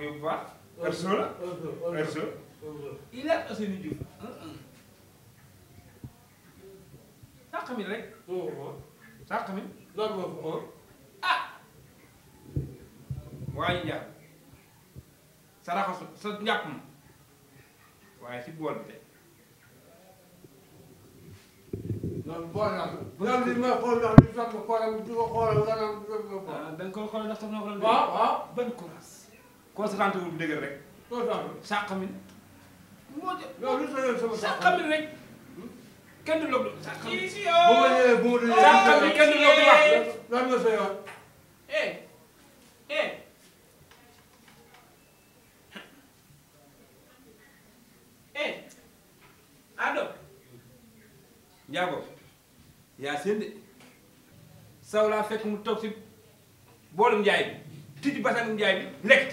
ko yóbbu faa. Erso la Erso. Ila Ousseynou Diouf un un. sàq mi rek. sàq mi. loolu ah. waa ñu sa raxasu sa si bool bi de. loolu bool naa ko. constatant wu dëgër rek. sàq mi moo jë. loolu sama rek. kenn du loolu. sàq mi oh. bu ma ñëwee bu eh. eh. eh. yaa seen de. saw mu toog si boolum njaay bi. titi basaanum njaay bi lekk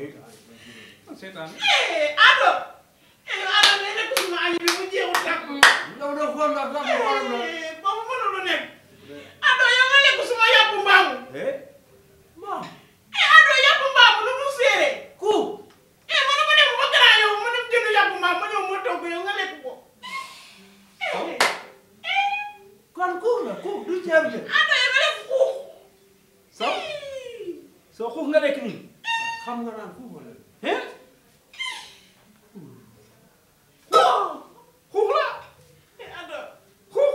Ado Ado day nekk suñu añ bi mu jeexul tàkk. dama doon xool ndax ndax mu xoolal lool. ba mu mënoon a nekk. Ado yow nga lekk suma yàpp mbaamu. bon. Ado yàpp mbaamu lu mu seere. ku. ma ne ma dem ba ma dem ma ñëw ma togg yow nga lekk kon kuux la kuux du ceeb la. Ado yow nga lekk kuux. soo soo xam nga naan xuux la hein non xuux la e adda xuux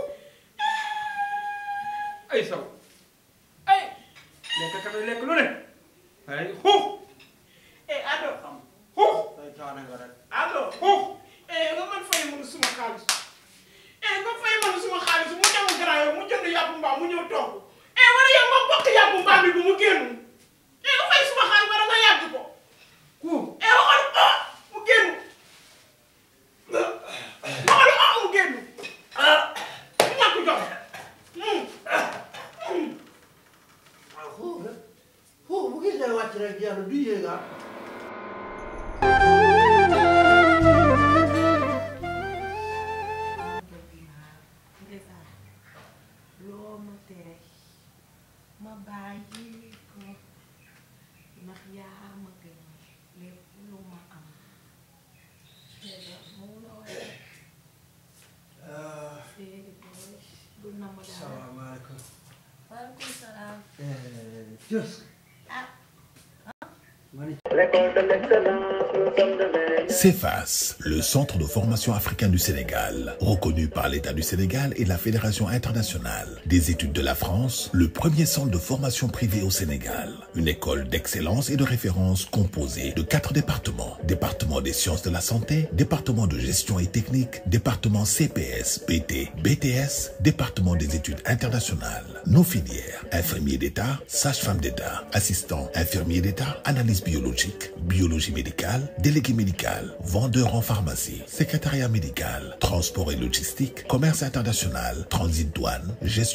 CEFAS, le centre de formation africain du Sénégal, reconnu par l'État du Sénégal et la Fédération internationale des études de la France, le premier centre de formation privée au Sénégal. Une école d'excellence et de référence composée de quatre départements. Département des sciences de la santé, département de gestion et technique, département CPS, BT, BTS, département des études internationales. Nos filières, infirmiers d'État, sage-femme d'État, assistant infirmier d'État, analyse biologique, biologie médicale, délégué médical, vendeur en pharmacie, secrétariat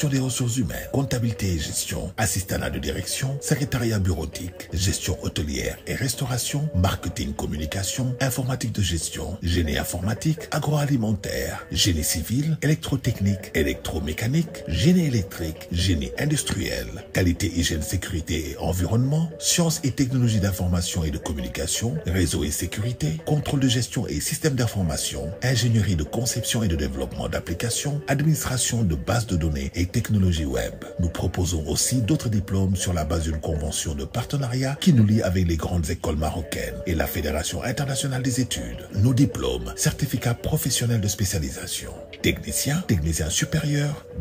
gestion des ressources humaines, comptabilité et gestion, assistanat de direction, secrétariat bureautique, gestion hôtelière et restauration, marketing communication, informatique de gestion, génie informatique, agroalimentaire, génie civil, électrotechnique, électromécanique, génie électrique, génie industriel, qualité, hygiène, sécurité et environnement, sciences et technologies d'information et de communication, réseau et sécurité, contrôle de gestion et système de conception et de développement de technologies web. Nous proposons aussi d'autres diplômes sur la base d'une convention de partenariat qui nous lie avec les grandes écoles marocaines et la Fédération internationale des études. Nos diplômes, certificats professionnels de spécialisation, technicien, technicien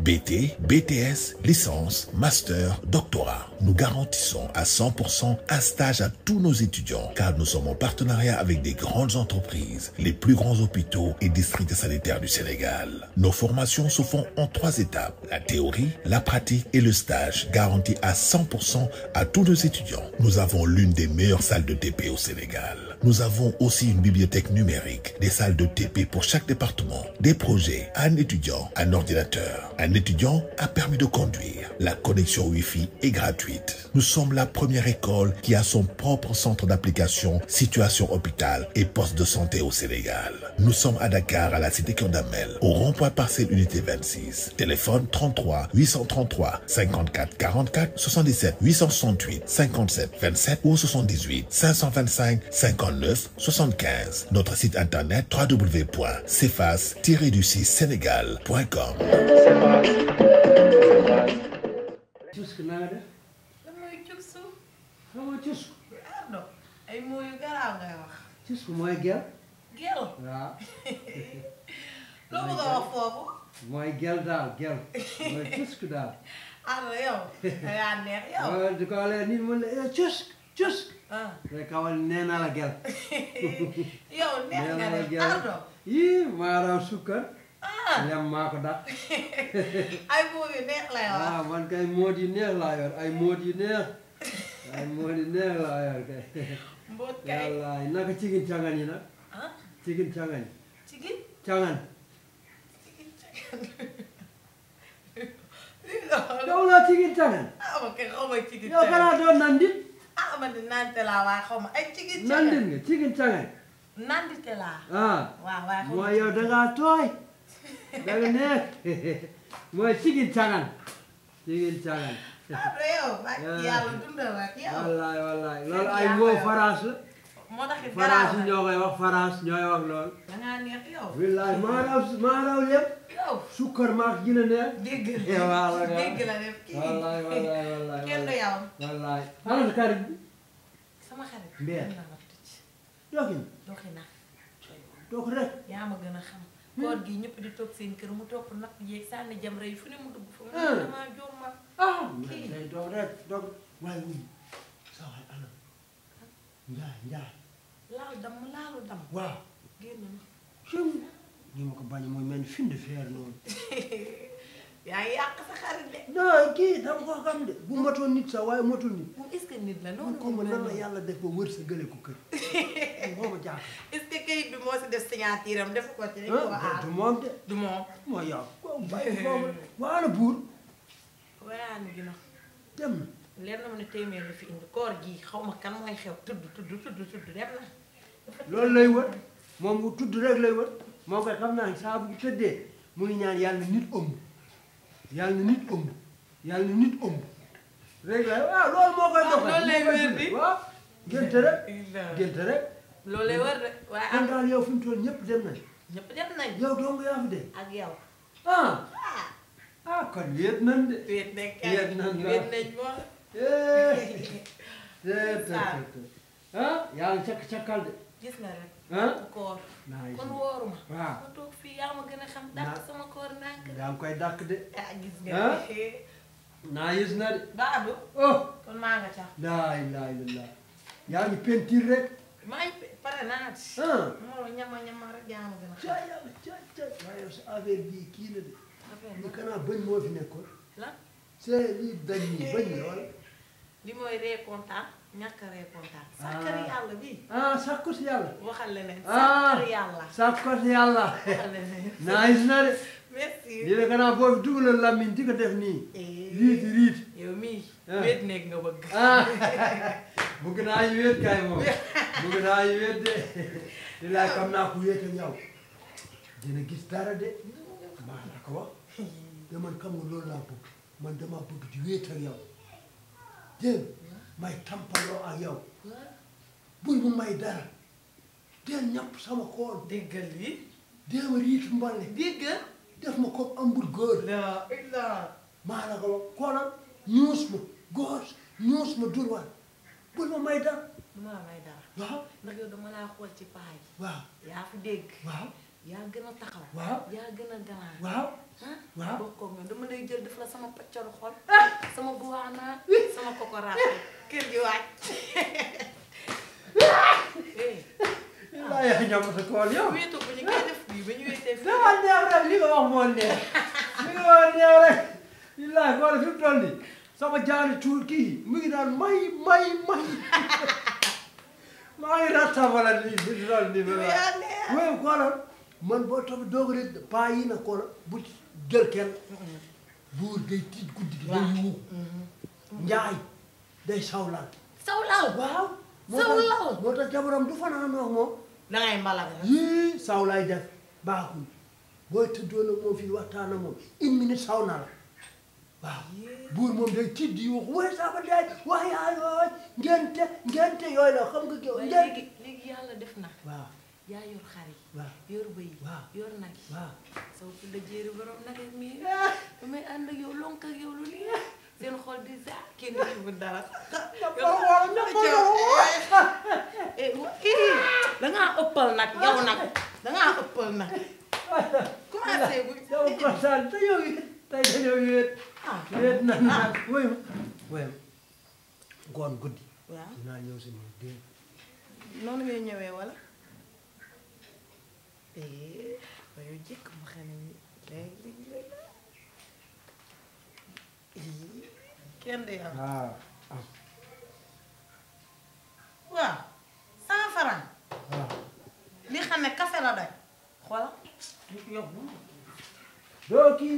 BTS, licence, master, doctorat. Nous garantissons à 100% un stage à tous nos étudiants car nous sommes en partenariat avec des grandes entreprises, les plus grands hôpitaux et districts sanitaires du théorie, la pratique et le stage garantis à 100% à tous nos étudiants. Nous avons l'une des meilleures salles de TP au Sénégal. Nous avons aussi pour chaque département, des projets, un étudiant, un ordinateur, un étudiant, un permis de conduire. La la première école qui a son propre centre d'application, situation hôpital de santé au Sénégal. Nous sommes à Dakar, à la cité Kondamel, au rond-point parcelle unité 26. Téléphone 33 833 59 75. Notre site internet www.cefas-du6sénégal.com. cusku mooy gel. gel waaw. loo bëgg a wax foofu. mooy gel daal gel mooy cusku daal. ah yow da ngaa neex yow. di ko waxee nii mu ne cusku. cus. ah mais kawal nee naa la gel. yow neex nga de ardo. yii maaraam sukkar. ah lem maa ko dàq. ay mood yu neex la yor. ah man kay mood yu neex laa yor ay mood yu neex ay mood yu neex laa yor kay. mboot kay wallaay naka cigin cangan yi nag. ah cigin cangan. cigin cangan. cigin cangan. yow laa cigin cangan. ah ok xaw ma cigin cangan yow kanaa doon naan dit. ah man de nante laa waaye xaw ma ay. cigin cangin nandit nga cigin cangin. nandite laa. ah waaw waaye xaw ma mooy yow da ngaa tooy. da nga nekk mooy cigin cangin cigin cangin. ah yow. waaw ah. yàlla dundal waay yow. wallaay wallaay loolu ay mots farans la. moo tax it farans yi ñoo koy wax farans ñooy wax lool. da ngaa neex yow. wallaahi maa raw maa raw lépp. yow sukkar maa gën a neex. dégg la dégg la def kii wallaahi wallaahi wallaahi. kenn du yow. wallaahi. sama xarit. mbéy rek. yaa ma gën a xam. Hmm? koor gi ñëpp di toog seen kër mu topp napp yeeg sànni jam rey fu ne mu dugg fa. Ah. mu ne maa jox ma. Ah, kii dox rek dox waaye wuy sa waay ana. njaay laal damm laalu damm. waaw génn na. jëm ni ma ko bañ mooy mel ni fin de noonu. yaa yàq sa xarit de. non kii dama ko xam de. bu yàlla def ba wër moo ma def signature am def ko ah, du moom de. du moom mooy yow. kooku bàyyi moom waana buur. waana dem na. leer na ma ne téeméer la fi koor gi xaw ma kan mooy xew tudd tudd tudd tudd dem na. loolu lay wër moom bu tudd rek lay wër moo koy xam naa ne saa bu tëddee mu ngi ñaan yàlla nit ëmb yàlla nit ëmb yàlla nit ëmb rek la waaw loolu moo koy doxal loolu lay wër bi waaw gént rek gént rek loolu lay wër rek waaye am daal yow fi mu toll ñëpp dem nañ de ak yow ah. ah ah kon wéet nañ de wéet nañ wéet nañ wéet nañ moom eh. Eh, eh, ah yaa ngi cakk de gis na rek. ah koor. kon wooruma. waaw ma toog fii yaa ma gën a xam. dàq sama koor nànk. yaa ngi koy dàq de. ah naa yës na de. daa du. oh kon maa nga ca. laa ilaaha illallaah. yaa ngi pentiir rek. maa ngi pare naa ci. moo ñama ñama rek yaa ma gën a xam. caa yàlla caa waaye yow sa bii kii la de. affaire bi kanaa bañ fi nekkoon. lan. c'est lii dañ ñu bañ la wala. li mooy récontant. ñàkk a kontaan. Ah. sàkkar yàlla bi. ah sàkku si yàlla. waxal leneen. Ah. sàkkar yàlla. sàkkar yàlla. waxal leneen. nice na de. merci. lii de gannaaw boobu dugalal làmmiñ di ko def nii. Eh. riit riit. yow ah. naa ñu wéet kay moom bëgg naa ñu wéet de. li laa xam naa ku wéet ak yow. dina gis dara de. maa la ko wax. te man xam nga loolu laa bëgg. man dama bëgg di wéet ak yow. may tampaloo ak yow bul mu may dara deel ñàpp sama kool déggal lii dee ma riit mballe déggal def ma comme ambul góor la illa maa la ko wax koolal ñuus ma góor ñuus ma durwaan bul ma may dara du ma may dara waaw xool ci paa yi yaa fi dégg yaa gën a taxaw. waaw yaa gën a grand. waaw dama lay jël def la sama paccaru ah! sama guwaanaa. sama kokoraat kër gi waaj. Eh. waaye ñoom sa tool yow. wéetu bu ñu nga wax moo neew. li nga wax neew rek. mu sama jaanu cuur kii mu ngi naan may may may. maa ngi naan tàmbali nii li li li li li li li li man boo toog doog rek paa yi na ko bu jël kenn buur day tiit guddi gi day mm-hmm. njaay day sawlaal sawlaal waaw du fanaan wax moom dangay mbalak yii sawlaay def baaxul booy tëddoo nag moom fii waxtaan ak moom une minute saw na la buur moom day tiit di yuuxu waaye saaba daay waaye aay waay ngente ngente la xam nga géew léegi léegi yàlla def na waaw yaa yor xar yi. waaw yor bëy yi yor nag yi. waaw soo jéeri borom nag ak mii damay ah. ànd ak yow lonk ak yow lu nii seen xol di sa kenn du bu dara. yow da ngaa eh, ëppal nag yow nag da ngaa ëppal nag. commencé bu yow kontaan te yow it tey dañoo wéet. wéet na ah. naan wéyum wéyum ngoon guddi. waaw dinaa ñëw si noonu noonu ngay ñëwee wala. ee bayo jikkumxanañi léegi léegi léegi i kenn du yow waaw waaw cent franc li xam ne café la doy xoola yow doo kii